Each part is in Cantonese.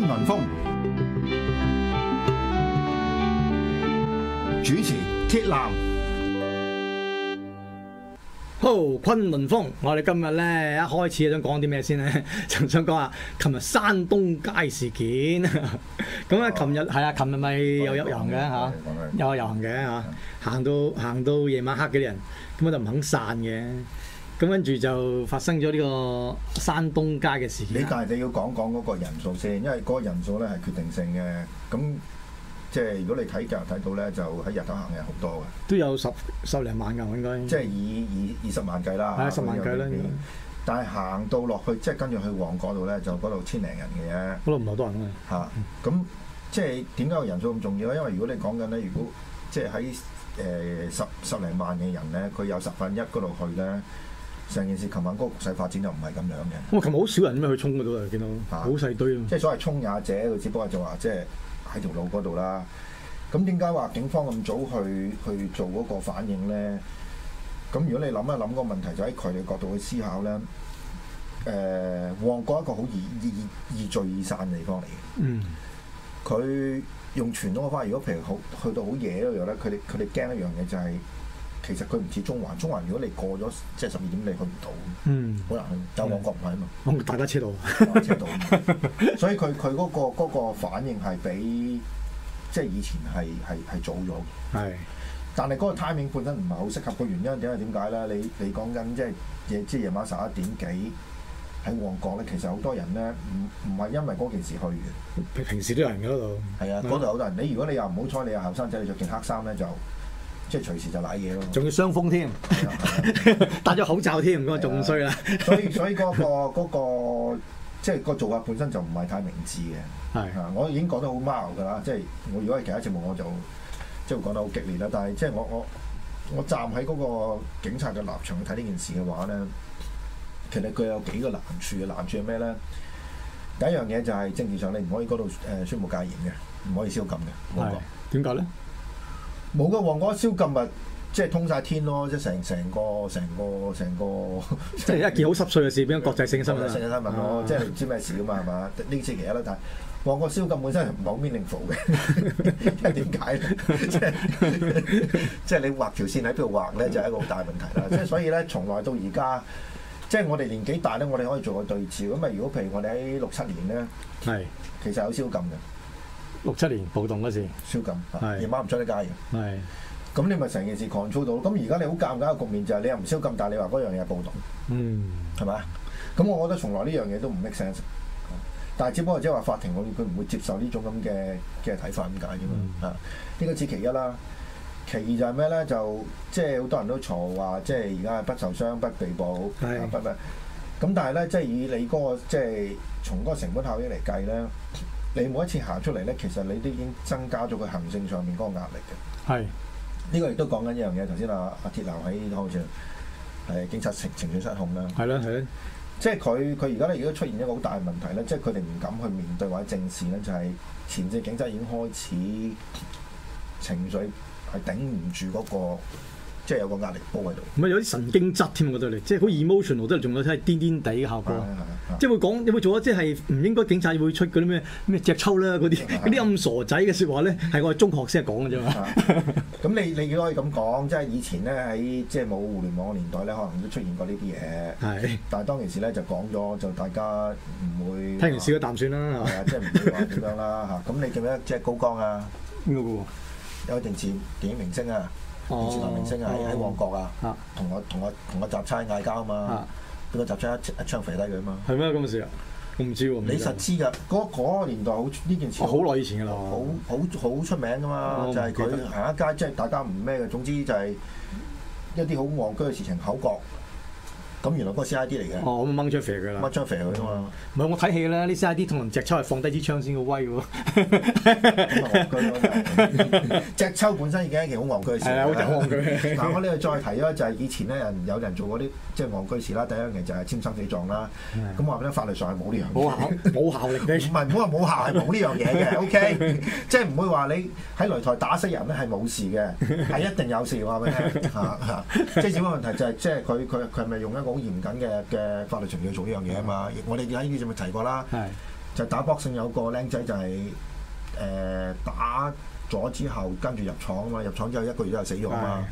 崑崙風主持鐵男。好，崑崙風，我哋今日咧一開始想講啲咩先咧， 就想講下琴日山東街事件。咁 啊，琴日係啊，琴日咪有遊行嘅吓，啊，有遊行嘅吓，行到行到夜晚黑嘅人，咁我就唔肯散嘅。咁跟住就發生咗呢個山東街嘅事件，啊。你但係你要講講嗰個人數先，因為嗰個人數咧係決定性嘅。咁即係如果你睇嘅睇到咧，就喺日頭行嘅好多嘅，都有十十零萬嘅應該。即係以以二十萬計啦，係啊，十萬計啦。該但係行到落去，即、就、係、是、跟住去旺角度咧，就嗰度千零人嘅啫。嗰度唔係好多人嘅嚇。咁即係點解個人數咁重要咧？因為如果你講緊咧，如果即係喺誒十十零萬嘅人咧，佢有十分一嗰度去咧。成件事琴晚嗰個局勢發展就唔係咁樣嘅。哇、啊！琴日好少人咩？去衝嗰度啊，見到好細堆。即係所謂衝也者，佢只不過就話即係喺條路嗰度啦。咁點解話警方咁早去去做嗰個反應咧？咁如果你諗一諗個問題，就喺佢哋角度去思考咧。誒、呃，旺角一個好易易聚易散嘅地方嚟嘅。嗯。佢用傳統嘅方式，如果譬如好去到好夜嗰樣咧，佢哋佢哋驚一樣嘢就係、是。其實佢唔似中環，中環如果你過咗即係十二點，你去唔到，嗯，好難去。有旺角唔係啊嘛，嗯、大家車道，大車道， 所以佢佢嗰個嗰個反應係比即係以前係係係早咗嘅。係是，但係嗰個 timing 本身唔係好適合嘅原因點解？點解咧？你你講緊即係夜即係夜晚十一點幾喺旺角咧，其實好多人咧唔唔係因為嗰件事去嘅，平時都有人喺嗰度。係啊，嗰度好多人。你如果你又唔好彩，你又後生仔，你着件黑衫咧就。即係隨時就瀨嘢咯，仲要傷風添，戴咗口罩添，嗰個仲衰啦。所以所以嗰個即係、那個就是、個做法本身就唔係太明智嘅。係是、啊，我已經講得好 mild 㗎啦，即、就、係、是、我如果係其他節目我、就是是是我，我就即係講得好激烈啦。但係即係我我我站喺嗰個警察嘅立場去睇呢件事嘅話咧，其實佢有幾個難處嘅難處係咩咧？第一樣嘢就係政治上，你唔可以嗰度誒宣布戒嚴嘅，唔可以宵禁嘅。係點解咧？說冇個旺角燒禁物，即係通晒天咯，即係成成個成個成個，個個個即係一件好濕碎嘅事，變咗國際性嘅新聞咯，啊、即係唔知咩事噶嘛，係嘛、啊？呢次其實都睇，旺角燒禁本身係唔係好 meaningful 嘅，因 為點解咧？即係即係你畫條線喺邊度畫咧，就係、是、一個好大問題啦。即係所以咧，從來到而家，即係我哋年紀大咧，我哋可以做個對照。咁啊，如果譬如我哋喺六七年咧，係其實有燒禁嘅。六七年暴動嗰時，宵禁禁，夜是、啊、晚唔出得街嘅，咁是你咪成件事 control 到咁而家你好尷尬嘅局面就係你又唔宵禁，但你話嗰樣嘢暴動，嗯，係咪？咁我覺得從來呢樣嘢都唔 make sense，但係只不過即係話法庭佢佢唔會接受呢種咁嘅嘅睇法，點解啫嘛？嗯、啊，呢個只其一啦。其二就係咩咧？就即係好多人都嘈話，即係而家不受傷不被捕，咁的、啊、但係咧，即、就、係、是、以你、那、嗰個即係、就是、從嗰個成本效益嚟計咧。你每一次行出嚟咧，其實你都已經增加咗佢行政上面嗰個壓力嘅。係是，呢個亦都講緊一樣嘢。頭先阿啊,啊鐵男喺好似誒、啊、警察情情緒失控啦。係咯係咯，即係佢佢而家咧如果出現一個好大嘅問題咧，即係佢哋唔敢去面對或者正視咧，就係、是、前置警察已經開始情緒係頂唔住嗰、那個，即、就、係、是、有個壓力煲喺度。唔係有啲神經質添，我覺得你，即係好 emotional 或者仲有睇係顛顛地嘅效果。即係會講有冇做咗即係唔應該警察會出嗰啲咩咩隻抽啦嗰啲啲咁傻仔嘅説話咧，係我哋中學先係講嘅啫嘛。咁你你如果可以咁講，即係以前咧喺即係冇互聯網嘅年代咧，可能都出現過呢啲嘢。係，但係當其時咧就講咗，就大家唔會。聽完少一啖算啦，係即係唔會話點樣啦嚇。咁 你記得即係高光啊？嗯、有個？定陣時電影明星啊，以前明星喺喺旺角啊，同、啊、我同我同我雜差嗌交啊嘛。啊佢個集裝一槍肥低佢啊嘛，係咩今次啊？我唔知喎，知你實知㗎？嗰、嗰個年代好呢件事，好耐以前㗎啦，好好好出名㗎嘛，我 就係佢行一街，即係大家唔咩嘅，總之就係一啲好戇居嘅事情口角。咁原來嗰個 C.I.D. 嚟嘅，我掹出蛇嘅啦，掹出蛇佢啫嘛。唔係我睇戲咧，呢 C.I.D. 同隻抽係放低支槍先嘅威喎。隻抽本身已經係一件好戇居嘅事，係嗱，我呢度再提咗就係以前咧，人有人做過啲即係戇居事啦。第一樣嘢就係簽生死狀啦。咁話咧，法律上係冇呢樣嘢。冇效，冇效力嘅。唔係，唔好話冇效係冇呢樣嘢嘅。O.K.，即係唔會話你喺擂台打死人咧係冇事嘅，係一定有事。我話俾你聽嚇嚇，即係主要問題就係即係佢佢佢係咪用一個？好嚴謹嘅嘅法律程序做呢樣嘢啊嘛，嗯、我哋而家喺院度咪提過啦，是就打 boxing 有個僆仔就係、是、誒、呃、打咗之後跟住入廠啊嘛，入廠之後一個月就死咗啊是嘛。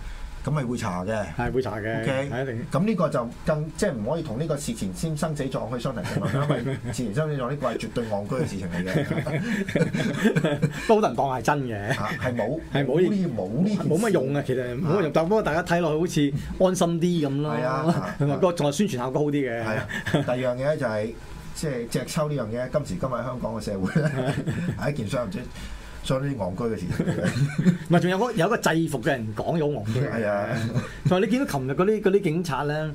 咁係會查嘅，係會查嘅，Ok，咁呢、嗯、個就更即係唔可以同呢個事前先生死狀去相提並論， 因為事前生死狀呢個係絕對戇居嘅事情嚟嘅， 都好難當係真嘅。係冇、啊，係冇冇，冇乜用嘅，其實冇用。啊、但不過大家睇落去好似安心啲咁咯，同埋個仲係宣傳效果好啲嘅。第二樣嘢呢就係即係隻抽呢樣嘢，今時今日香港嘅社會， 一件叫唔隻。將啲戇居嘅事，唔係仲有個有個制服嘅人講咗戇居，係啊，同 埋樂你見到琴日嗰啲嗰啲警察咧。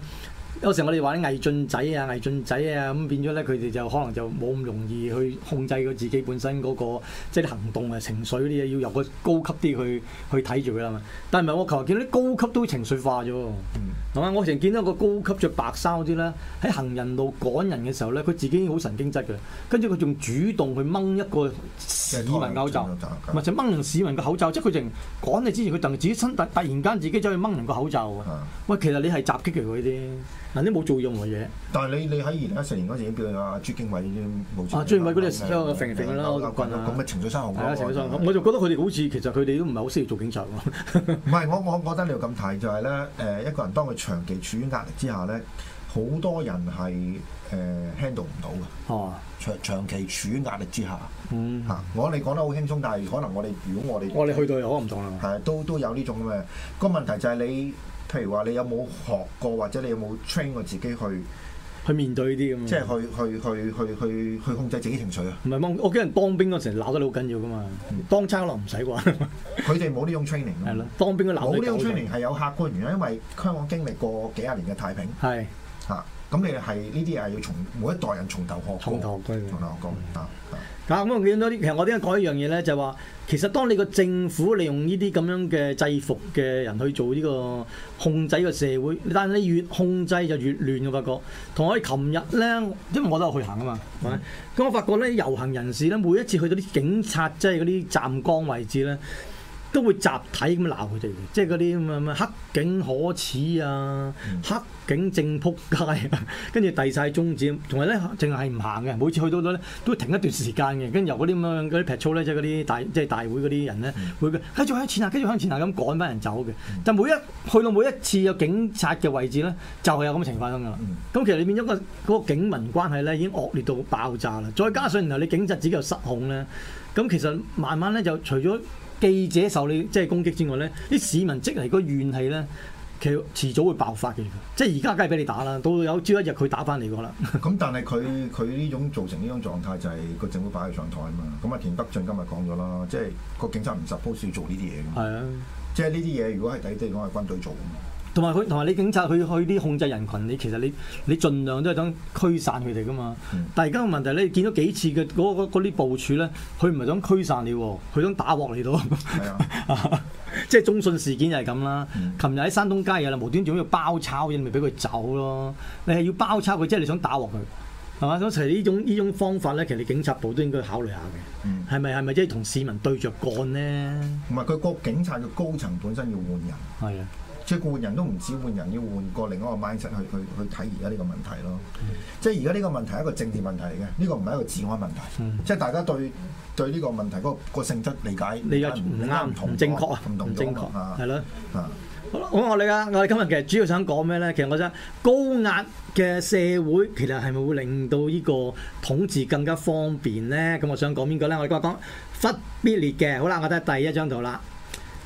有時我哋話啲偽俊仔啊、偽俊仔啊，咁變咗咧，佢哋就可能就冇咁容易去控制佢自己本身嗰、嗰個，即、就、係、是、行動啊、情緒嗰啲嘢，要由高高、嗯啊、個高級啲去去睇住佢嘛。但係唔係我琴日見到啲高級都情緒化咗。嗯。係我成見到個高級着白衫啲咧，喺行人路趕人嘅時候咧，佢自己已經好神經質嘅，跟住佢仲主動去掹一個市民口罩，或者掹市民嘅口罩，即係佢淨趕你之前，佢突然自己身突突然間自己走去掹人個口罩。喂，嗯、其實你係襲擊佢嘅啲。嗱，你冇做任何嘢。但係你你喺二零一四年嗰陣，比如阿阿朱經緯冇做。朱經緯嗰陣時，我揈揈啦，我咁咪情緒失控咯。我就覺得佢哋好似其實佢哋都唔係好適宜做警察喎。唔係，我我覺得你咁提就係咧，誒一個人當佢長期處於壓力之下咧，好多人係誒 handle 唔到嘅。哦，長長期處於壓力之下。嗯。我你講得好輕鬆，但係可能我哋如果我哋，哇，你去到又可唔同啦。係，都都有呢種咁嘅個問題就係你。譬如話你有冇學過，或者你有冇 train 過自己去去面對呢啲咁，即係去去去去去去控制自己情緒啊？唔係，我驚人當兵嗰陣鬧得你好緊要噶嘛，嗯、當差可能唔使啩，佢哋冇呢種 training。係咯，當兵嘅鬧冇呢種 training 係有客觀原因，因為香港經歷過幾廿年嘅太平。係嚇的。咁你係呢啲係要從每一代人從頭學，從頭學講，從頭學講，咁我見到啲，其實我點解講一樣嘢咧，就話、是、其實當你個政府利用呢啲咁樣嘅制服嘅人去做呢個控制個社會，但係你越控制就越亂嘅，我發覺同我哋琴日咧，因為我都去行啊嘛，咁、嗯、我發覺咧遊行人士咧，每一次去到啲警察即係嗰啲站崗位置咧，都會集體咁鬧佢哋，即係嗰啲咁啊黑警可恥啊、嗯、黑警正仆街，跟住遞晒中指，同埋咧淨係唔行嘅。每次去到度咧，都停一段時間嘅。跟住由嗰啲咁樣嗰啲 p e 草咧，Patrol，即係嗰啲大即係、就是、大會嗰啲人咧，會嘅，繼續向前行，繼續向前行咁趕翻人走嘅。但每一去到每一次有警察嘅位置咧，就係、是、有咁嘅情況發生啦。咁其實你變咗個嗰、那個警民關係咧，已經惡劣到爆炸啦。再加上然後你警察自己又失控咧，咁其實慢慢咧就除咗記者受你即係攻擊之外咧，啲市民積嚟個怨氣咧。其實遲早會爆發嘅，即係而家梗係俾你打啦，到有朝一日佢打翻嚟嘅啦。咁但係佢佢呢種造成呢種狀態就係個政府擺喺上台啊嘛。咁啊田北俊今日講咗啦，即係個警察唔執，都係要做呢啲嘢嘅。係是啊，即係呢啲嘢如果係抵，即係講係軍隊做嘅。同埋佢，同埋你警察，佢去啲控制人群，你其實你你盡量都係想驅散佢哋㗎嘛。嗯、但係而家個問題，你見到幾次嘅嗰啲部署咧，佢唔係想驅散你，佢想打鑊你到。嗯、 即係中信事件就係咁啦。琴日喺山東街有啦，無端端要包抄，你咪俾佢走咯。你係要包抄佢，即係你想打鑊佢，係嘛？咁其實呢種呢種方法咧，其實你警察部都應該考慮下嘅。嗯，係咪係咪即係同市民對着幹咧？同埋佢個警察嘅高層本身要換人。係啊。即係換人都唔止換人，要換個另一個 mindset 去去去睇而家呢個問題咯。即係而家呢個問題係一個政治問題嚟嘅，呢、這個唔係一個治安問題。嗯、即係大家對對呢個問題嗰、那個那個性質理解唔啱、唔正確啊，唔正確啊，係咯。嗯、好，我哋啊，我哋今日其實主要想講咩咧？其實我想高壓嘅社會其實係咪會令到呢個統治更加方便咧？咁我想講邊個咧？我哋講講忽必烈嘅。好啦，我睇第一張圖啦。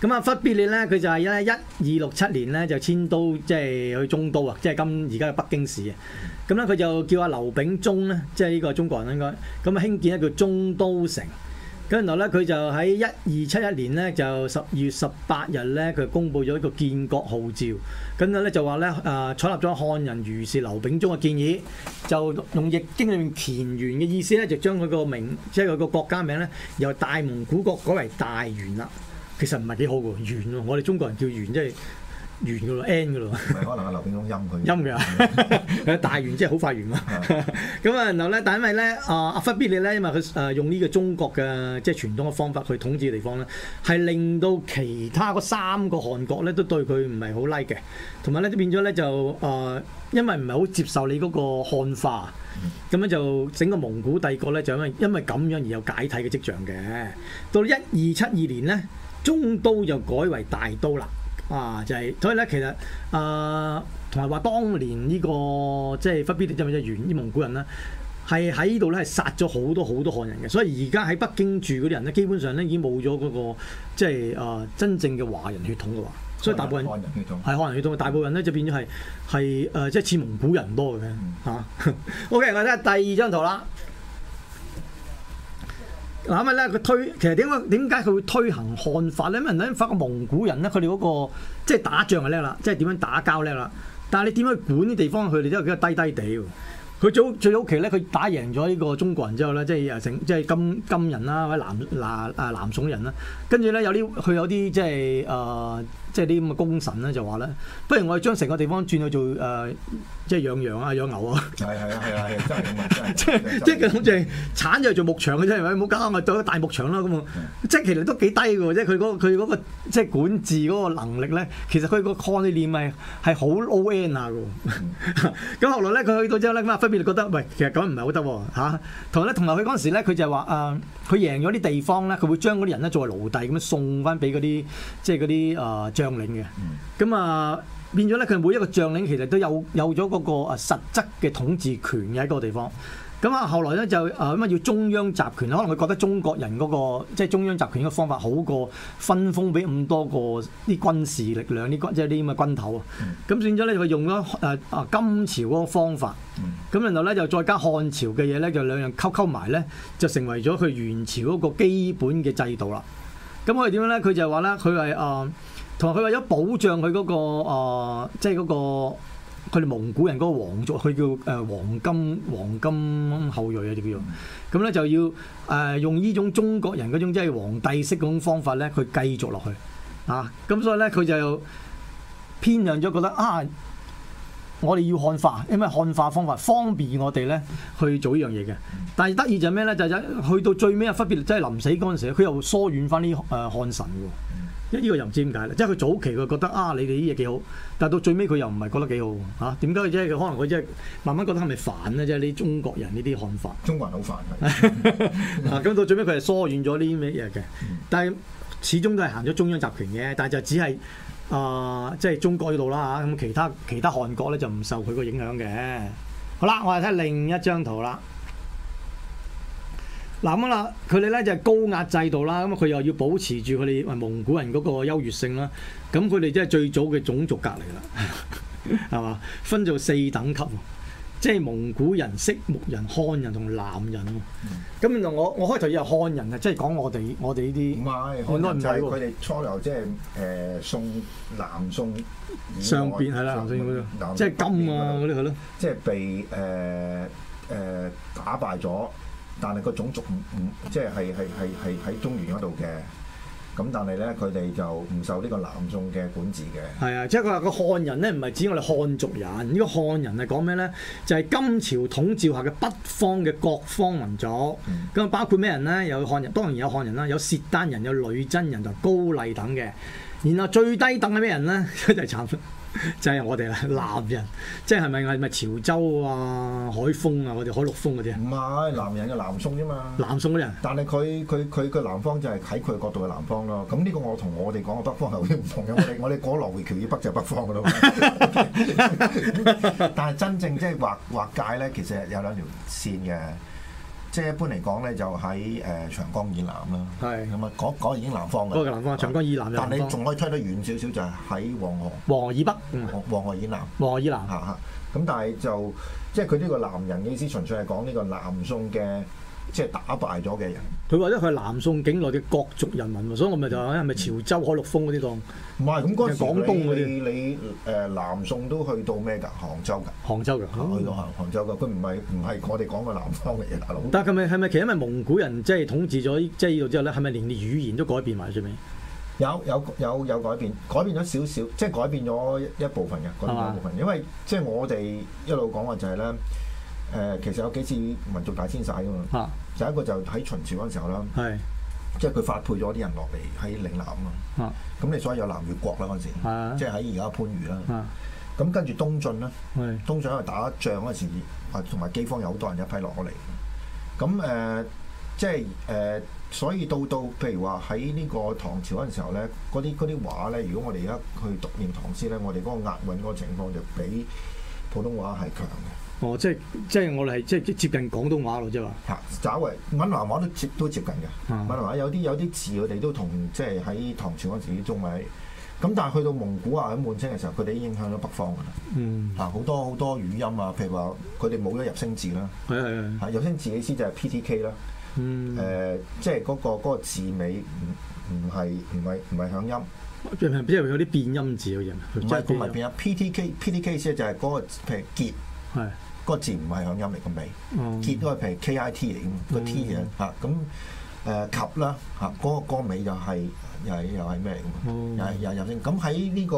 咁啊忽必烈咧，佢就係一一二六七年咧就遷都，即係去中都啊，即係今而家嘅北京市啊。咁咧佢就叫阿劉秉忠咧，即係呢個中國人應該。咁啊興建一個中都城。跟住落咧，佢就喺一二七一年咧，就十二月十八日咧，佢公佈咗一個建國號召。咁咧就話咧，誒、呃、採納咗漢人儒士劉秉忠嘅建議，就用《易經》裏面乾元嘅意思咧，就將佢個名，即係佢個國家名咧，由大蒙古國改為大元啦。其實唔係幾好喎，元喎。我哋中國人叫元，即係完噶咯 end 噶咯。唔係可能阿劉建忠陰佢陰㗎的， 大元即係好快完嘛。咁啊，然後咧，但因為咧啊阿忽必烈咧，因為佢誒用呢個中國嘅即係傳統嘅方法去統治嘅地方咧，係令到其他嗰三個汗國咧都對佢唔係好 like 嘅，同埋咧變咗咧就誒、呃、因為唔係好接受你嗰個漢化，咁樣、嗯、就整個蒙古帝國咧就因為因為咁樣而有解體嘅跡象嘅。到一二七二年咧。呢中都就改為大都啦，啊，就係，所以咧其實啊，同埋話當年呢個即係忽必烈就係原呢蒙古人啦，係喺呢度咧係殺咗好多好多漢人嘅，所以而家喺北京住嗰啲人咧，基本上咧已經冇咗嗰個即係啊、呃、真正嘅華人血統嘅話，人所以大部分人，漢人血統，係漢人血統，大部分咧就變咗係係誒即係似蒙古人多嘅嚇。嗯、 OK，我睇下第二張圖啦。嗱，咁啊咧，佢推其實點解點解佢會推行漢法咧？因為發覺個蒙古人咧，佢哋嗰個即係打仗係叻啦，即係點樣打交叻啦。但係你點樣管啲地方，佢哋都係比較低低地喎。佢最最早期咧，佢打贏咗呢個中國人之後咧，即係成即係金金人啦，或者南南啊南宋人啦，跟住咧有啲佢有啲即係啊。呃即係啲咁嘅功臣咧，就話咧，不如我哋將成個地方轉去做誒、呃，即、就、係、是、養羊啊，養牛啊 即。係係啊係啊，真啊！即係即係咁，就係鏟咗去做牧場嘅啫。喂，好搞我做個大牧場啦咁啊！是 即係其實都幾低嘅喎，即係佢嗰個佢嗰即係管治嗰個能力咧，其實佢個概念係好 on 下嘅。咁後來咧，佢去到之後咧，咁啊分別覺得，喂，其實咁唔係好得嚇。同埋咧，同埋佢嗰陣時咧，佢就係話啊，佢贏咗啲地方咧，佢會將嗰啲人咧作為奴隸咁樣送翻俾嗰啲即係嗰啲啊、呃 將領嘅咁啊，嗯、變咗咧。佢每一個將領其實都有有咗嗰個啊實質嘅統治權嘅一個地方。咁啊，後來咧就啊，因為要中央集權，可能佢覺得中國人嗰、嗰個即係、即係、中央集權嘅方法好過分封俾咁多個啲軍事力量，啲即係啲咁嘅軍頭啊。咁、嗯、算咗咧，佢用咗啊啊金朝嗰個方法。咁然後咧就再加漢朝嘅嘢咧，就兩樣溝溝埋咧，就成為咗佢元朝嗰個基本嘅制度啦。咁我哋點樣咧？佢就話咧，佢係啊。嗯同埋佢為咗保障佢嗰、嗰個、呃、即係嗰個佢哋蒙古人嗰個皇族，佢叫誒黃金黃金後裔啊！就叫做。咁咧就要誒用呢種中國人嗰種即係皇帝式嗰種方法咧，去繼續落去啊！咁所以咧，佢就偏向咗覺得啊，我哋要漢化，因為漢化方法方便我哋咧去做呢樣嘢嘅。但係得意就係咩咧？就係去到最尾啊，忽必烈即係臨死嗰陣時，佢又疏遠翻啲誒漢臣喎。呃呢依個又唔知點解咧，即係佢早期佢覺得啊，你哋依嘢幾好，但係到最尾佢又唔係覺得幾好嚇，點解嘅啫？佢可能佢即係慢慢覺得係咪煩咧？即係呢中國人呢啲看法，中國人好煩咁 到最尾佢係疏遠咗呢啲咩嘢嘅，但係始終都係行咗中央集權嘅，但係就只係啊，即、呃、係、就係、中國依度啦嚇，咁其他其他韓國咧就唔受佢個影響嘅。好啦，我哋睇另一張圖啦。嗱咁啦，佢哋咧就係高壓制度啦，咁佢又要保持住佢哋蒙古人嗰個優越性啦，咁佢哋即係最早嘅種族隔離啦，係 嘛？分做四等級，即係蒙古人、色目人、漢人同南人，咁原來、嗯、我我開頭以為漢人啊，即係講我哋我哋呢啲，唔係，我都唔係喎。佢哋初頭即係誒宋、南宋上邊係啦，南即係金啊嗰啲係咯，即係被誒誒打敗咗。但係個種族唔唔即係係係係喺中原嗰度嘅咁，但係咧佢哋就唔受呢個南宋嘅管治嘅。係啊，即係話個漢人咧，唔係指我哋漢族人。呢、這個漢人係講咩咧？就係、是、金朝統治下嘅北方嘅各方民族咁，嗯、包括咩人咧？有漢人，當然有漢人啦，有契丹人，有女真人，就是、高麗等嘅。然後最低等係咩人咧？ 就係殘。就係我哋啦，南人，即係係咪係咪潮州啊、海豐啊，我哋海陸豐嗰啲唔係，南人就南宋啫嘛。南宋嘅人。但係佢佢佢嘅南方就係喺佢角度嘅南方咯。咁呢個我，我同 我哋講嘅北方係好唔同嘅。我哋我哋過羅湖橋以北就係北方嘅啦。但係真正即係劃劃界咧，其實有兩條線嘅。即係一般嚟講咧，就喺誒長江以南啦。係是，咁啊嗰嗰已經南方嘅。都係南方，長江以南，南但你仲可以推得遠少少，就喺黃河。黃河以北。嗯。黃河以南。黃河以南。嚇嚇、嗯。咁但係就即係佢呢個南人嘅意思，純粹係講呢個南宋嘅。即係打敗咗嘅人。佢話咧，佢係南宋境內嘅各族人民，嗯、所以我咪就係，係咪潮州海陸豐嗰啲檔？唔係，咁嗰時你廣東你誒、呃、南宋都去到咩㗎？杭州㗎？杭州㗎，嗯、去到杭杭州㗎。佢唔係唔係我哋講嘅南方嘅嘢。大佬、嗯，但係係咪係咪其實因為蒙古人即係統治咗即係呢度之後咧？係咪連你語言都改變埋最尾？有有有有改變，改變咗少少，即係改變咗一部分嘅。改變咗一部分，係嘛？是是因為即係我哋一路講話就係、是、咧。誒，其實有幾次民族大遷徙噶嘛，就、啊、一個就喺秦朝嗰陣時候啦，是即係佢發配咗啲人落嚟喺嶺南啊嘛，咁你所以有南越國啦嗰陣時，啊、即係喺而家番禺啦，咁、啊、跟住東晉啦，東晉喺度打仗嗰陣時，啊同埋饑荒有好多人一批落嚟，咁誒、呃，即係誒、呃，所以到到譬如話喺呢個唐朝嗰陣時候咧，嗰啲啲話咧，如果我哋而家去讀念唐詩咧，我哋嗰個押韻嗰個情況就比普通話係強嘅。哦，即係即係我哋係即係接接近廣東話咯，即係。吓，稍微閩南話都接都接近嘅。嗯。閩南話有啲有啲字，我哋都同即係喺唐朝嗰陣時中文。咁但係去到蒙古啊，喺滿清嘅時候，佢哋已經影響咗北方噶啦。嗯。嚇，好多好多語音啊，譬如話佢哋冇咗入聲字啦。係係係。嚇，入聲字嘅意思就係 PTK 啦。嗯。呃、即係嗰個嗰個字尾唔唔係唔係唔係響音。即係譬如有啲變音字嘅嘢。唔係講埋變音。PTK PTK 先就係嗰個譬如，譬如結，係， 個字唔係響音嚟個尾，結都係譬如 K I T 嚟嘅，個 T 嘅吓咁。誒及、呃、啦嚇，嗰、mm. e 嗯、個歌尾就係又係又係咩嚟又係又又，咁喺呢個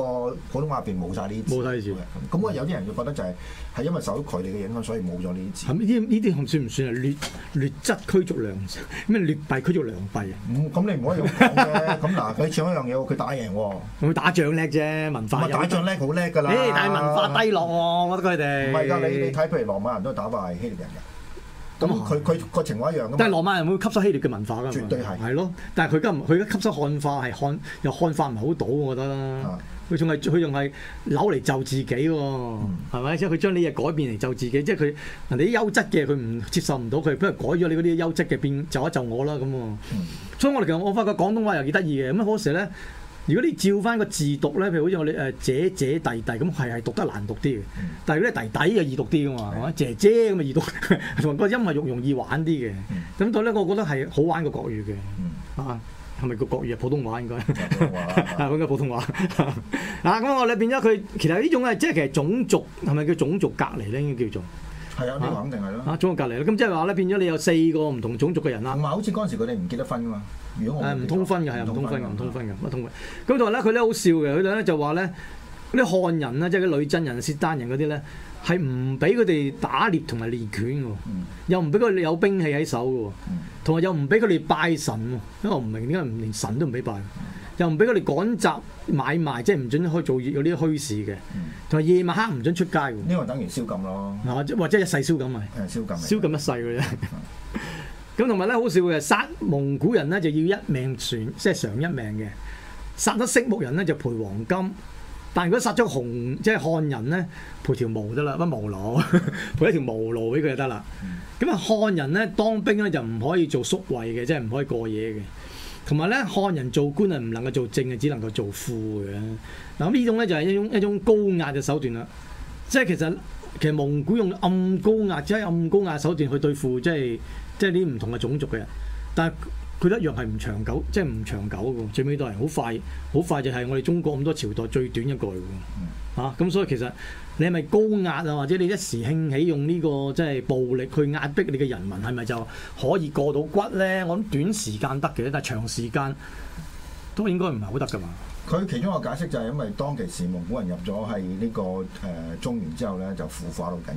普通話入邊冇晒呢啲字。冇曬字嘅。咁我有啲人就覺得就係係因為受到佢哋嘅影響，所以冇咗呢啲呢，呢啲算唔算係劣劣質驅逐良？咩劣幣驅逐良幣啊？咁你唔可以咁講嘅。咁嗱，佢搶一樣嘢，佢打贏喎。佢打仗叻啫，文化。打仗叻好叻㗎啦。但係文化低落喎，我覺得佢哋。唔係㗎，你你睇譬如羅馬人都打敗希臘人嘅。咁佢佢個情況一樣噶嘛？但係羅馬人會吸收希臘嘅文化㗎嘛？絕對係。係咯，但係佢今佢而家吸收漢化係漢又漢化唔好到，我覺得啦。佢仲係佢仲係扭嚟就自己喎，係咪、嗯？即係佢將呢嘢改變嚟就自己，即係佢人哋啲優質嘅佢唔接受唔到，佢不如改咗你嗰啲優質嘅變就一就我啦咁。啊嗯、所以我哋其實我發覺廣東話又幾得意嘅，咁啊好多時咧。如果你照翻個字讀咧，譬如好似我哋誒姐姐弟弟咁，係係讀得難讀啲嘅。嗯、但係嗰弟弟又易讀啲嘅嘛，係嘛、嗯？姐姐咁啊易讀，同埋個、嗯、 音咪容易玩啲嘅。咁到咧，我覺得係好玩過國語嘅。嗯、啊，係咪個國語啊？普通話應該，啊講緊普通話。嗱， 咁、嗯 啊、我咧變咗佢，其實呢種啊，即係其實種族係咪叫種族隔離咧？應該叫做。係啊，啊呢個肯定係咯嚇，喺隔離啦。咁即係話咧，變咗你有四個唔同種族嘅人啦。唔係好似嗰陣時佢哋唔結得婚㗎嘛？如果我唔、啊、通婚嘅係唔通婚，唔通婚嘅乜通分？咁但係咧佢咧好笑嘅，佢哋咧就話咧，啲漢人咧，即係啲女真人、契丹人嗰啲咧，係唔俾佢哋打獵同埋練拳㗎，嗯、又唔俾佢哋有兵器喺手㗎，同埋、嗯、又唔俾佢哋拜神。因為我唔明點解唔連神都唔俾拜，又唔俾佢哋趕集。買賣即係唔準開做有呢啲虛事嘅，同埋、嗯、夜晚黑唔准出街。呢個等於宵禁咯，或者、啊、一世宵禁咪？宵禁宵禁一世嘅啫。咁同埋咧，好笑嘅殺蒙古人咧就要一命全，即係償一命嘅；殺得色目人咧就賠黃金，但如果殺咗紅即係漢人咧，賠條毛得啦，乜毛攞？ 賠一條毛攞俾佢就得啦。咁啊、嗯，漢人咧當兵咧就唔可以做宿衛嘅，即係唔可以過夜嘅。同埋咧，漢人做官係，唔能夠做正啊，只能夠做副嘅。嗱、啊、呢依種咧就係、是、一種一種高壓嘅手段啦。即係其實其實蒙古用暗高壓，即、就、係、是、暗高壓手段去對付，即係即係啲唔同嘅種族嘅人。但係佢一樣係唔長久，即係唔長久嘅。最尾都係好快，好快就係我哋中國咁多朝代最短一個嘅。嚇、啊、咁所以其實。你係咪高壓啊？或者你一時興起用呢、這個即係、就是、暴力去壓迫你嘅人民，係咪就可以過到骨咧？我諗短時間得嘅，但係長時間都應該唔係好得噶嘛。佢其中一個解釋就係因為當其時蒙古人入咗喺呢個誒中原之後咧，就腐化到緊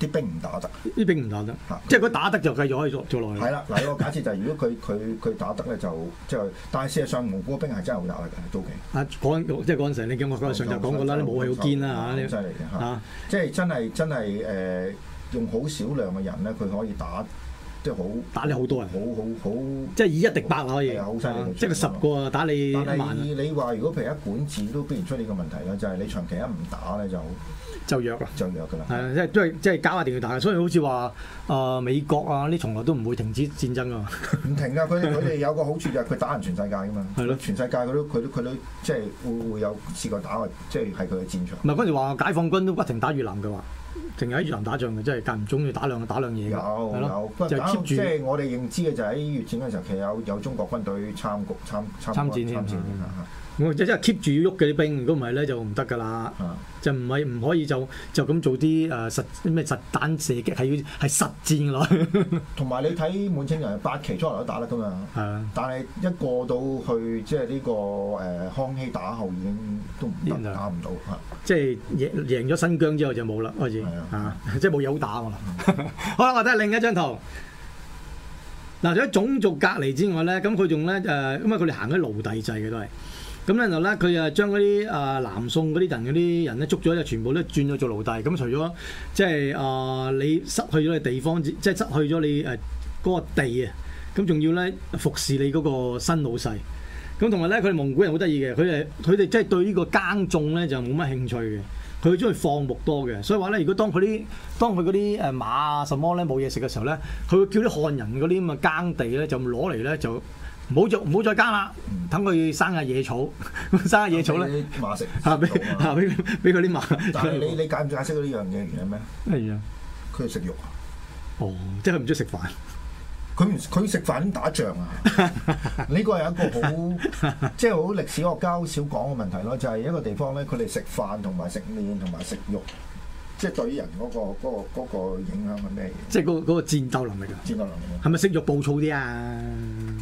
啲兵唔打得，啲兵唔打得，嚇、啊，即係佢打得就繼續可以做落去。係啦，嗱，我假設就係如果佢佢佢打得咧，就即、是、係，但係事實上蒙古兵係真係好打得嘅，都幾。啊，講即係嗰陣時你叫我、嗯、上集講過啦，你冇去佢堅啦嚇，嗯嗯嗯、啊，即係真係真係誒、呃，用好少量嘅人咧，佢可以打。即係好打你好多人，好好好，即係以一敵百可以，即係十個打你萬。你你話如果譬如一管治都必然出呢個問題啦，就係你長期一唔打咧就就弱啦，就弱噶啦。係啊，即係因為即係搞下定要打，所以好似話啊美國啊呢從來都唔會停止戰爭啊。唔停㗎。佢哋佢哋有個好處就係佢打人全世界㗎嘛，係咯，全世界佢都佢都佢都即係會會有試過打即係係佢嘅戰場。嗱嗰時話解放軍都不停打越南嘅話。成日喺越南打仗嘅，真係間唔中要打兩打兩嘢㗎，係咯。就 keep 住，即係我哋認知嘅就喺越戰嗰陣時候，其實有有中國軍隊參局參參參戰添啊。參戰即係 keep 住要喐嘅啲兵，如果唔係咧就唔得噶啦，啊、就唔係唔可以就就咁做啲誒實咩實彈射擊，係要係實戰來。同 埋你睇滿清人八旗出嚟都打得噶嘛，的但係一過到去即係呢個誒康熙打後已經都唔得啦，打唔到，即係、這個呃啊、贏咗新疆之後就冇啦，開始嚇，即係冇嘢好打喎。好啦、嗯， 我睇下另一張圖。嗱，除咗種族隔離之外咧，咁佢仲咧就因為佢哋行啲奴隸制嘅都係。咁然後咧，佢啊將嗰啲啊南宋嗰啲人啲人咧捉咗，就全部都轉咗做奴隸。咁、嗯、除咗即係啊、呃，你失去咗嘅地方，即係失去咗你誒嗰個地啊。咁、嗯、仲要咧服侍你嗰個新老細。咁、嗯、同埋咧，佢蒙古人好得意嘅，佢誒佢哋即係對呢個耕種咧就冇乜興趣嘅，佢中意放牧多嘅。所以話咧，如果當佢啲當佢嗰啲誒馬啊什麼咧冇嘢食嘅時候咧，佢會叫啲漢人嗰啲咁嘅耕地咧就攞嚟咧就。就唔好再唔好再加啦，等佢生下野草， 生下野草咧，馬食嚇俾嚇俾佢啲馬。但係你 你解唔解釋到呢樣嘢嚟嘅咩？係啊、哎呀，佢食肉啊。哦，即係佢唔中意食飯。佢唔佢食飯打仗啊？呢 個係一個好即係好歷史學家少講嘅問題咯。就係、是、一個地方咧，佢哋食飯同埋食麵同埋食肉，即係對於人嗰、那個嗰、那個那個、影響係咩？即係嗰嗰個戰鬥能力、啊。戰鬥能力係咪食肉暴躁啲啊？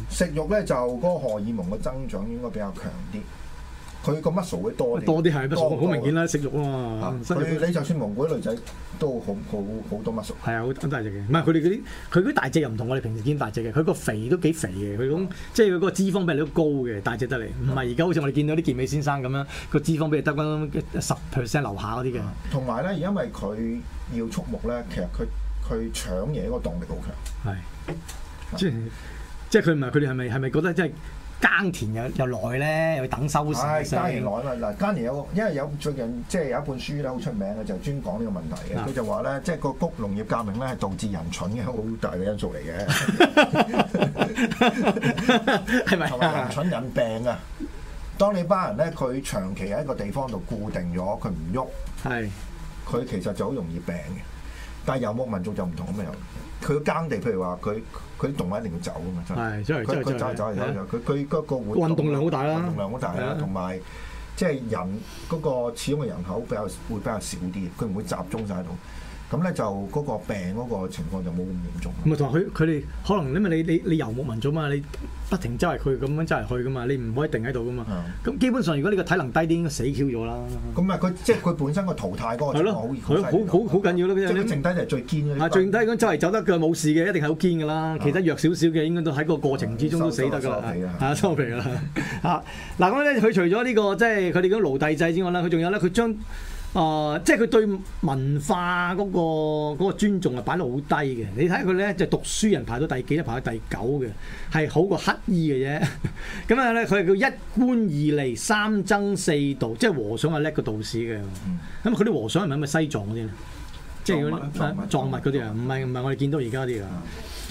食肉咧就嗰個荷爾蒙嘅增長應該比較強啲，佢個 muscle 會多啲。多啲係，不過好明顯啦，食肉啊嘛。你就算蒙古啲女仔都好好好多 muscle。係啊，好大隻嘅，唔係佢哋嗰啲，佢嗰啲大隻又唔同我哋平時見大隻嘅，佢個肥都幾肥嘅，佢咁即係佢個脂肪比例都高嘅大隻得嚟。唔係而家好似我哋見到啲健美先生咁樣，個脂肪比例得翻十 percent 樓下嗰啲嘅。同埋咧，而因為佢要畜牧咧，其實佢佢搶嘢個動力好強。係。即係。即係佢唔係佢哋係咪係咪覺得即係耕田又又耐咧，又要等收成？係耕田耐啊嘛！嗱，耕田有個，因為有最近即係有一本書咧好出名嘅，就專講呢個問題嘅。佢就話咧，即係個谷農業革命咧係導致人蠢嘅好大嘅因素嚟嘅，係咪？同埋人蠢人病啊！當你班人咧佢長期喺一個地方度固定咗，佢唔喐，係佢其實就好容易病嘅。但係遊牧民族就唔同，咁樣佢佢耕地，譬如話，佢佢啲動物一定要走㗎嘛，真係佢走嚟走去，佢佢嗰個活動量好大啦，活動量好大啦，同埋即係人嗰個始終嘅人口比較會比較少啲，佢唔會集中晒喺度。咁咧就嗰個病嗰個情況就冇咁嚴重。咁咪同埋佢佢哋可能因為你你你遊牧民族嘛，你不停周圍去，咁樣周圍去噶嘛，你唔可以定喺度噶嘛。咁基本上如果你個體能低啲，應該死翹咗啦。咁啊佢即係佢本身個淘汰嗰個真係好好好好緊要咯，即係、嗯嗯嗯、剩低就係最堅、嘅。啊，剩低嗰周圍走得腳冇事嘅，一定係好堅噶啦。啊、其實弱少少嘅應該都喺個過程之中都死得㗎啦。係啊，收皮啦。嚇嗱，咁咧佢除咗呢、呢個即係佢哋嘅奴隸制之外啦，佢仲有咧佢將。啊！即係佢對文化嗰個嗰個尊重係擺到好低嘅。你睇佢咧，就讀書人排到第幾咧？排到第九嘅，係好過乞衣嘅啫。咁樣咧，佢係叫一官二吏三僧四道，即係和尚啊叻過道士嘅。咁佢啲和尚係咪咪西藏嗰啲咧？即係藏物、藏物嗰啲啊？唔係唔係，我哋見到而家啲啊。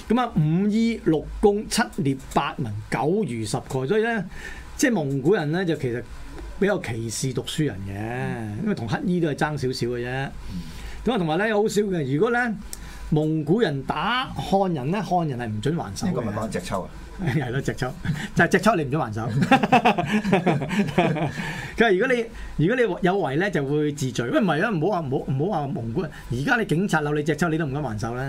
咁啊，五醫六工七獵八民、九儒十丐，所以咧，即係蒙古人咧就其實。比較歧視讀書人嘅，因為同乞衣都係爭少少嘅啫。咁啊，同埋咧好少嘅。如果咧蒙古人打漢人咧，漢人係唔准，啊 就是、准還手。呢個咪講隻抽啊？係咯，隻抽就係隻抽，你唔准還手。佢話：如果你如果你有違咧，就會自罪。唔係啊，唔好話唔好唔好話蒙古人，而家你警察鬧你隻抽，你都唔敢還手啦。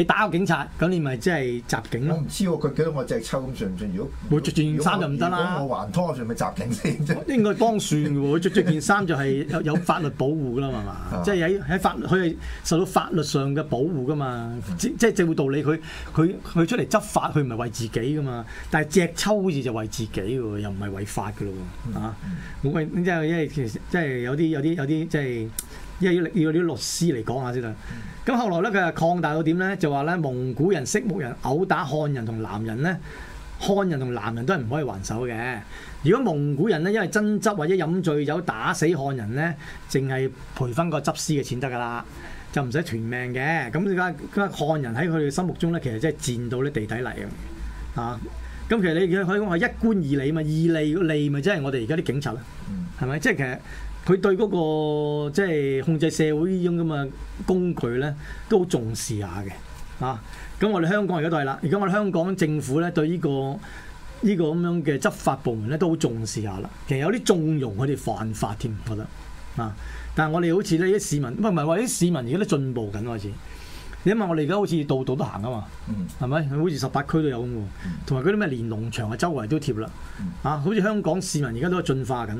你打個警察，咁你咪即係襲警咯？我唔知喎，佢幾多我隻抽咁算唔算？如果我着住件衫就唔得啦。我還拖住，咪襲警先？應該當算喎，佢着住件衫就係有有法律保護噶啦，係嘛？即係喺喺法，佢係受到法律上嘅保護噶嘛。即即正乎道理，佢佢佢出嚟執法，佢唔係為自己噶嘛。但係隻抽好似就為自己喎，又唔係違法噶咯喎。啊，我咪即係因為其實即係有啲有啲有啲即係。又要要啲律師嚟講下先得。咁後來咧，佢係擴大到點咧？就話咧，蒙古人、色目人毆打漢人同男人咧，漢人同男人都係唔可以還手嘅。如果蒙古人咧，因為爭執或者飲醉酒打死漢人咧，淨係賠翻個執私嘅錢得㗎啦，就唔使斷命嘅。咁而家而家漢人喺佢哋心目中咧，其實真係賤到啲地底泥咁。啊，咁其實你而家可以講話一官二吏嘛，二吏個吏咪即係我哋而家啲警察啦，係咪？即係其實。佢對嗰個即係控制社會呢種咁嘅工具咧，都好重視下嘅，啊！咁我哋香港而家都係啦，而家我哋香港政府咧，對呢個呢個咁樣嘅執法部門咧都好重視下啦。其實有啲縱容佢哋犯法添，我覺得啊！但係我哋好似呢啲市民，唔係唔係話啲市民而家都進步緊開始。你諗下，我哋而家好似度度都行啊嘛，係咪？嗯？好似十八區都有咁喎，同埋嗰啲咩連儂牆啊，周圍都貼啦，嗯、啊！好似香港市民而家都係進化緊，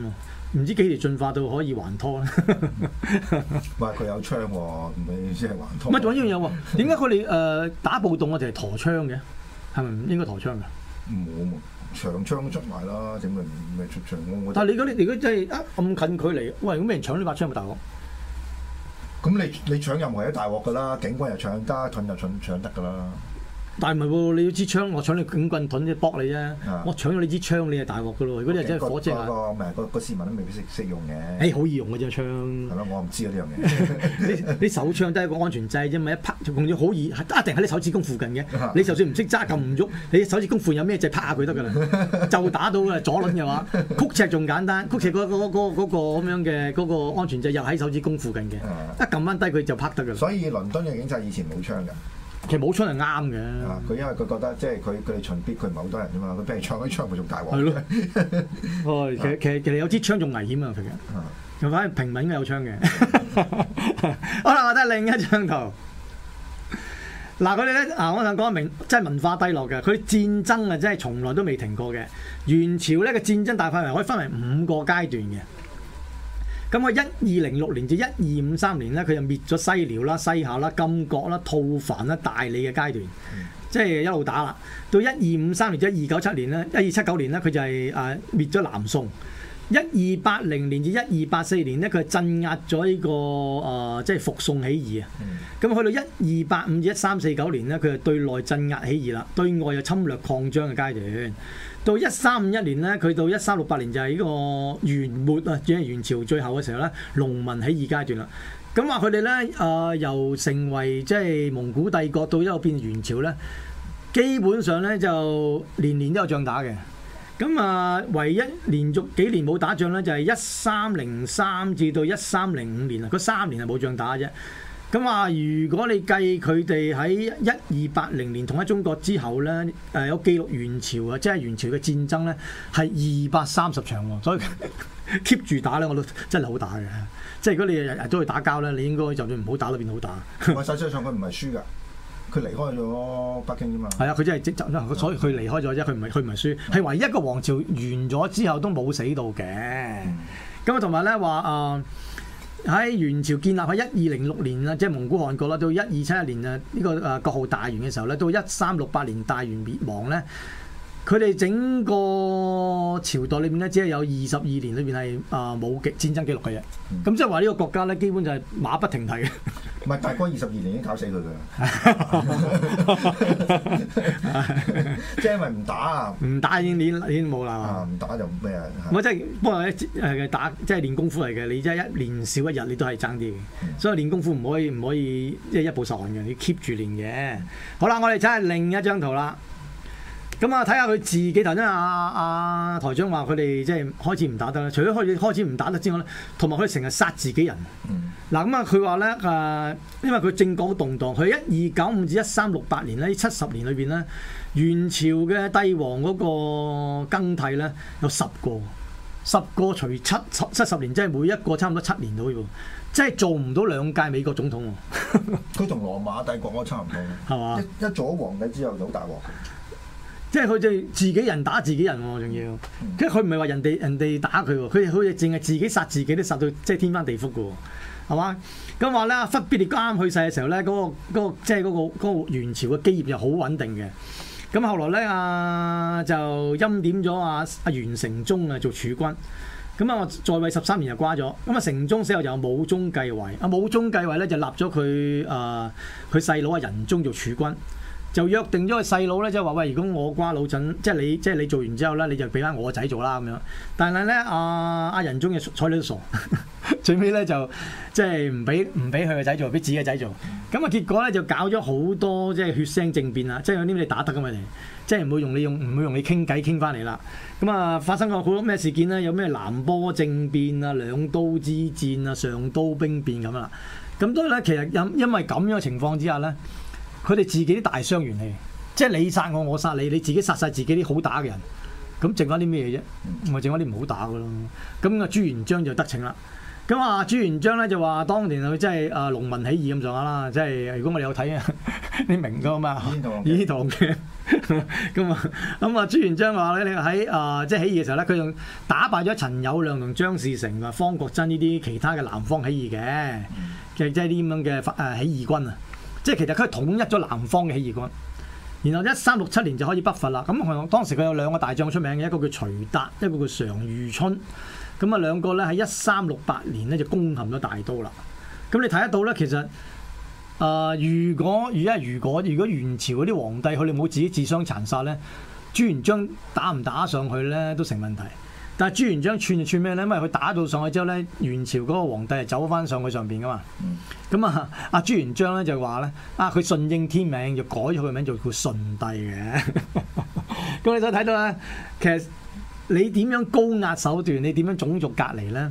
唔知幾時進化到可以還拖咧？唔係佢有槍喎，哦，唔係先係還拖。乜仲有一樣嘢喎，啊？點解佢哋誒打暴動我哋係陀槍嘅，係咪應該陀槍嘅？冇門，長槍都出埋啦，整埋咪出長槍。但係你嗰啲如果真係啊咁近距離，喂，咁畀人搶呢把槍㗎，大鑊？咁你你搶任何一啲大鑊㗎啦，警棍又搶得，盾又搶搶得㗎啦。但係唔係喎？你要支槍，我搶你警棍盾啫，搏你啫。我搶咗你支槍，你係大鑊噶咯。如果你真係火槍，個市民都未必識識用嘅。誒，好易用嘅啫，槍。係咯，我唔知啊呢樣嘢。你你手槍都係一個安全掣啫嘛，一拍用咗好易，一定喺你手指公附近嘅。你就算唔識揸撳唔喐，你手指公附近有咩掣拍下佢得㗎啦，就打到左輪嘅話，曲尺仲簡單，曲尺嗰個咁樣嘅嗰個安全掣又喺手指公附近嘅，一撳翻低佢就拍得㗎。所以倫敦嘅警察以前冇槍㗎。其實冇槍係啱嘅，佢、啊、因為佢覺得即係佢佢哋秦必，佢唔係好多人噶嘛，佢反而唱嗰啲槍咪仲大鑊。咯的，其實其實其實有支槍仲危險啊！其實，仲反而平民有槍嘅。 好啦，我睇另一張圖。嗱、啊，佢哋咧，嗱、啊，我想講明，即係文化低落嘅，佢戰爭啊，即係從來都未停過嘅。元朝咧個戰爭大範圍可以分為五個階段嘅。咁啊，一二零六年至一二五三年咧，佢就滅咗西遼啦、西夏啦、金國啦、吐蕃啦、大理嘅階段，嗯、即係一路打啦。到一二五三年至一二九七年咧，一二七九年咧，佢就係、是、誒、呃、滅咗南宋。一二八零年至一二八四年咧，佢係鎮壓咗呢、這個誒即係復宋起義啊。咁去、嗯、到一二八五至一三四九年咧，佢就對內鎮壓起義啦，對外又侵略擴張嘅階段。到一三五一年咧，佢到一三六八年就係呢個元末啊，即係元朝最後嘅時候咧，農民起義階段啦。咁話佢哋咧，誒，呃，由成為即係蒙古帝國到之後變元朝咧，基本上咧就年年都有仗打嘅。咁啊，唯一連續幾年冇打仗咧，就係一三零三至到一三零五年啊，嗰三年係冇仗打啫。咁啊、嗯！如果你計佢哋喺一二八零年統一中國之後咧，誒、呃、有記錄元朝啊，即係元朝嘅戰爭咧，係二百三十場喎，所以 keep 住 打咧，我都真係好打嘅。即係如果你日日都去打交咧，你應該就算唔好打都變好打。實際上佢唔係輸㗎，佢離開咗北京啫嘛。係啊，佢真係積集，所以佢離開咗啫。佢唔係佢唔係輸，係、嗯、唯一一個皇朝完咗之後都冇死到嘅。咁啊、嗯，同埋咧話啊。嗯喺元朝建立喺一二零六年啊，即係蒙古汗國啦，到一二七一年啊，呢個啊國號大元嘅時候咧，到一三六八年大元滅亡咧，佢哋整個朝代裏面咧，只係有二十二年裏面係啊冇嘅戰爭記錄嘅嘢，咁即係話呢個國家咧，基本就係馬不停蹄嘅。嗯。唔係，大概二十二年已經搞死佢㗎。即係咪唔打啊？唔打已經練練冇啦，唔、啊、打就咩啊？我即係不過咧，誒打即係練功夫嚟嘅，你即係一年少一日，你都係爭啲嘅。 所以練功夫唔可以唔可以即係一曝十寒嘅，你要 keep 住練嘅。好啦，我哋睇下另一張圖啦。咁啊，睇下佢自己，頭先啊，阿、啊、台長話佢哋即係開始唔打得啦，除咗開始開始唔打得之外咧，同埋佢哋成日殺自己人。嗱、嗯、咁啊，佢話咧誒，因為佢政局動盪，佢一二九五至一三六八年咧，呢七十年裏邊咧，元朝嘅帝王嗰個更替咧有十個，十個除七七十年，即係每一個差唔多七年到嘅，即係做唔到兩屆美國總統、啊。佢同羅馬帝國都差唔多，係嘛 吧？一做咗皇帝之後，就好大鑊。即係佢就自己人打自己人、啊，仲要，即係佢唔係話人哋人哋打佢喎，佢佢哋淨係自己殺自己，都殺到即係天翻地覆噶喎，係嘛？咁話咧，忽必烈啱去世嘅時候咧，嗰、嗰個即係嗰個嗰、即係嗰個嗰個元朝嘅基業又好穩定嘅。咁、嗯、後來咧，阿、啊、就欽點咗阿阿元成宗啊做儲君。咁、嗯、啊，我在位十三年就瓜咗。咁、嗯、啊，成宗死後由武宗繼位。阿武宗繼位咧就立咗佢啊佢細佬啊仁宗做儲君。就約定咗個細佬咧，即係話喂，如果我瓜老陣，即係你，即係你做完之後咧，你就俾翻我個仔做啦咁樣。但係咧，阿阿仁宗嘅睬你都傻，最尾咧就即係唔俾唔俾佢個仔做，俾自己嘅仔做。咁啊，結果咧就搞咗好多即係血腥政變啊！即係有啲你打得㗎嘛，你即係唔會用你用唔會用你傾偈傾翻嚟啦。咁啊，發生過好多咩事件咧？有咩南坡政變啊、兩刀之戰啊、上刀兵變咁啊啦。咁所以咧，其實因因為咁樣嘅情況之下咧。佢哋自己啲大傷元氣，即係你殺我，我殺你，你自己殺晒自己啲好打嘅人，咁剩翻啲咩嘢啫？我 剩翻啲唔好打嘅咯。咁啊朱元璋就得逞啦。咁啊朱元璋咧就話當年佢即係啊農民起義咁上下啦，即係如果我哋有睇， 你明㗎啊嘛？呢堂嘅咁啊咁啊朱元璋話咧，你喺啊即係起義嘅時候咧，佢仲打敗咗陳友諒同張士誠同方國珍呢啲其他嘅南方起義嘅， 即係啲咁樣嘅誒、啊、起義，義軍啊。即係其實佢統一咗南方嘅起義軍，然後一三六七年就可以北伐啦。咁我當時佢有兩個大將出名嘅，一個叫徐達，一個叫常遇春。咁啊兩個咧喺一三六八年咧就攻陷咗大都啦。咁你睇得到咧，其實啊、呃，如果而家如果如果元朝嗰啲皇帝佢哋冇自己自相殘殺咧，朱元璋打唔打上去咧都成問題。但係朱元璋串就串咩咧？因為佢打到上去之後咧，元朝嗰個皇帝係走翻上去上邊噶嘛。咁、嗯、啊，阿朱元璋咧就話咧，啊，佢順應天命，就改咗佢個名，就叫順帝嘅。咁 你再睇到咧，其實你點樣高壓手段，你點樣種族隔離咧？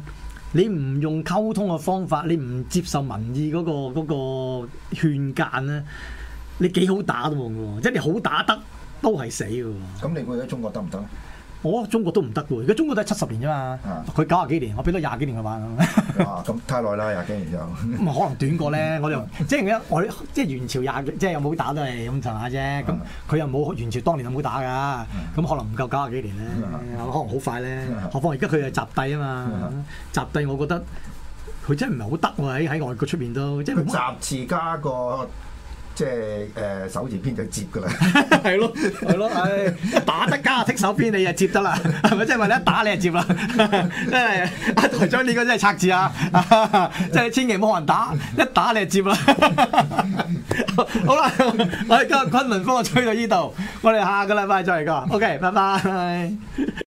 你唔用溝通嘅方法，你唔接受民意嗰、那個嗰、那個勸諫咧，你幾好打都冇嘅喎。即係你好打得都係死喎。咁你覺得中國得唔得？我覺得中國都唔得喎，而家中國都係七十年啫嘛，佢九啊幾年，我俾咗廿幾年佢玩。咁太耐啦，廿幾年就。 可能短過咧，我又 即係我即係元朝廿，即係、啊、有冇打都係咁上下啫。咁佢又冇元朝當年咁好打噶，咁、啊、可能唔夠九啊幾年咧，可能好快咧。啊、何況而家佢又集帝啊嘛，集、啊、帝我覺得佢真係唔係好得喎，喺外國出邊都即係集字加個。即係誒手字編就接㗎啦，係咯係咯，誒、哎、打得加剔手編你就接得啦，係咪即係話你一打你就接啦， 啊、真係阿台長你嗰真係拆字啊，真 係千祈冇人打，一打你就接啦， 好啦，我哋今日崑崙風啊吹到呢度，我哋下個禮拜再嚟㗎，OK，拜拜。